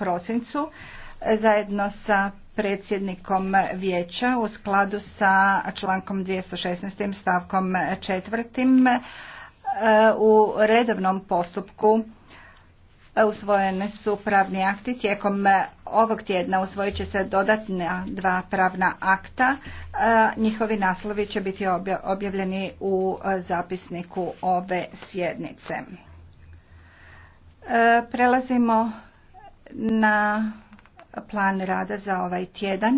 prosincu e, zajedno sa predsjednikom vijeća u skladu sa člankom 216. stavkom četvrtim e, u redovnom postupku e, usvojene su pravni akti. Tijekom ovog tjedna usvojit će se dodatna dva pravna akta. Njihovi naslovi će biti objavljeni u zapisniku ove sjednice. Prelazimo na plan rada za ovaj tjedan.